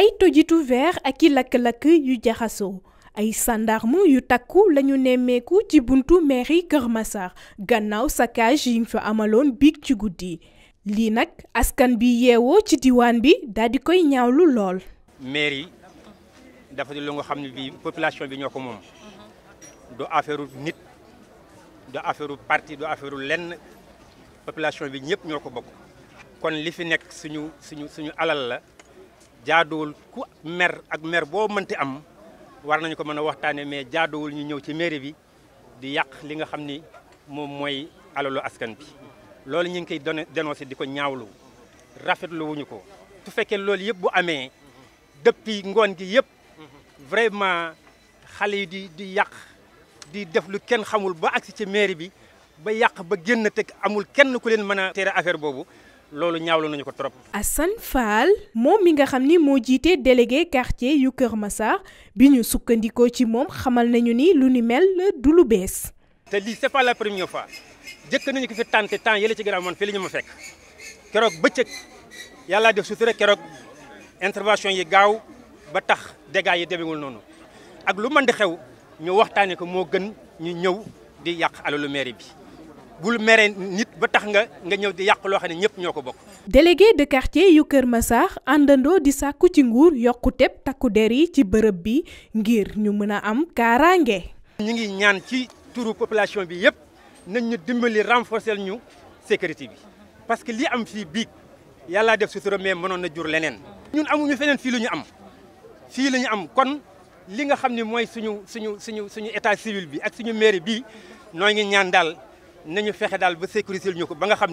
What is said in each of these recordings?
ay tojitu verre ak i lakk-lakk yu jaxasoo ay sandarme yu takku lañu nemmeeku ci buntu mairie Kër Massar gannaaw saccage yi ñu fa amaloon biig ci guddi lii nag askan bi yeewoo ci diwaan bi daal di koy ñaawlu lool. mairie dafa di lu nga xam ne bii population bi ñoo ko moom du affaire nit du affaire parti du affaire lenn population bi ñëpp ñoo ko bokk kon li fi nekk suñu suñu suñu alal la. jaaduwul ku mer ak mer boo mënte am war nañu ko mën a waxtaanee mais jaadoowul ñu ñëw ci mairie bi di yàq li nga xam ni moom mooy alalu askan bi loolu ñu ngi koy doon dénoncé di ko ñaawlu rafetlu ko su fekkee loolu yëpp bu amee depuis ngoon gi yëpp vraiment xale yi di di yàq di def lu kenn xamul ba agsi ci mairie bi ba yàq ba génn te amul kenn ku leen mën a tere affaire boobu loolu ñaawlu nañu ko trop. Assane Fall moom mi nga xam ni moo jiite délégué quartier yu Kër Massar bi ñu sukkandikoo ci moom xamal nañu ni lu ni mel du lu bees. te lii c'est pas la première fois jëkk nañu ko fi tenté temps yële ci gannaaw man fii la ñu ma fekk keroog bëccëg yàllaa def sutura keroog intervention yi gaaw ba tax dégâts yi demewul noonu ak lu mën di xew ñu waxtaanee ko moo gën ñu ñëw di yàq alalu maire bi. bul mere nit ba tax nga nga ñëw di yàq loo xam ne ñëpp ñoo ko bokk. délégué de quartier yu Kër saax àndandoo di sàkku ci nguur yokku takku der yi ci bërëb bi ngir ñu mën a am kaaraange. ñu ngi ñaan ci turu population bi yëpp nañ ñu dimbali renforcer ñu sécurité bi parce que li am fii biig yàllaa def sutura mais mënoon na jur leneen. ñun amuñu feneen fii lu ñu am fii la ñu am kon li nga xam ne mooy suñu suñu suñu suñu état civil bi ak suñu mairie bi noo ngi ñaan daal. nañu fexe daal ba sécuriser ñu ko ba nga xam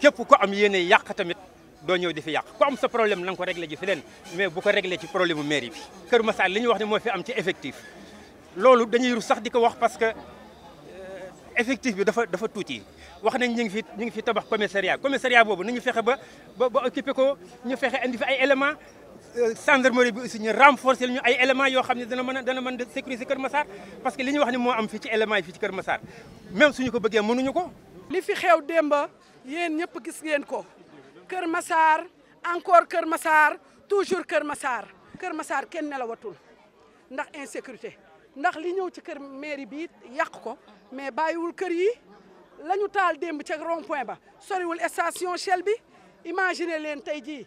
képp ku am yene yak tamit doo ñëw di fi yàq ku am sa problème na ko réglé ji filen, leen mais bu ko réglé ci problème mu mairie bi. Kër Massar li ñu wax ne moo fi am ci effectif loolu dañuy rus sax di ko wax parce que euh, effectif bi dafa dafa tuuti wax nañ ñu ngi fi ñu ngi fi tabax commissariat commissariat boobu nañu fexe ba ba ba occupé ko ñu fexe indi fi ay éléments gendarmerie bi aussi ñu renforcer ñu ay éléments yo xamni dana mëna dana mën a sécuriser Kër Massar parce que li ñu wax ni mo am fi ci éléments fi ci Kër Massar même suñu ko bëggé mënuñu ko. li fi xew demba yeen ñëpp gis ngeen ko Kër Massar encore Kër Massar toujours Kër Massar Kër Massar kenn watul ndax insécurité ndax li ñëw ci kër mairie bi yàq ko mais bayiwul kër yi lañu ñu taal démb ca rond point ba soriwul station Shell bi imaginer len tay jii.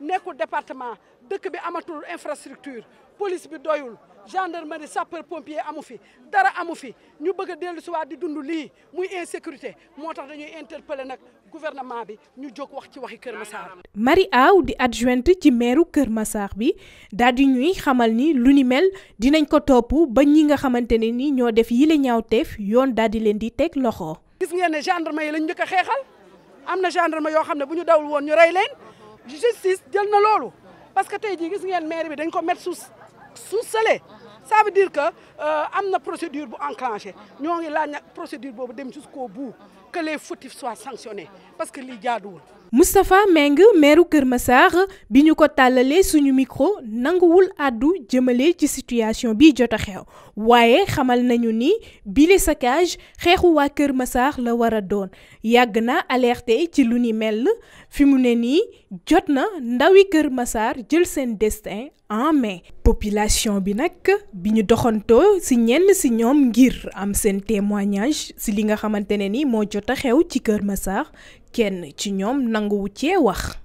nekku département dëkk bi amatul infrastructure police bi doyul gendarmerie sapeur pompier amu fi dara amu fi ñu bëgg a dellu si di dund lii muy insécurité moo tax dañuy interpeller nag gouvernement bi ñu jóg wax ci waxi Kër Massar. Marie Aw di adjointe ci meeru Kër masaax bi daal di ñuy xamal ni lu ni mel dinañ ko topp ba ñi nga xamante ne ni ñoo def yile ñaawteef yoon daal di leen di teg loxo. gis ngeen ne gendarme yi lañ njëkk a xeexal am na gendarme yoo xam ne bu ñu dawul woon ñu rey leen. justice jël na loolu parce que tu es maire sous sous ça veut dire que euh, na procédure bu enclenché nous ngi laaj procédure boobu dem jusqu'au bout que les fautifs soient sanctionnés parce que lii jaaduwul. Moustapha Meng meeru Kermassar, Massar bi ñu ko tàllalee suñu micro nanguwul àddu jëmale ci situation bi jot a xew waaye xamal nañu ni bile saccage xeexu la Kër Massar la war a doon yàgg na alerté ci lu ni mel fi mu ne nii jot jël seen destin. en mai population bi nag bi ñu doxantoo ci ñenn ci ñoom ngir am seen témoignage ci li nga xamante ni moo jot a xew ci Kër Massar kenn ci ñoom nanguwu cee wax.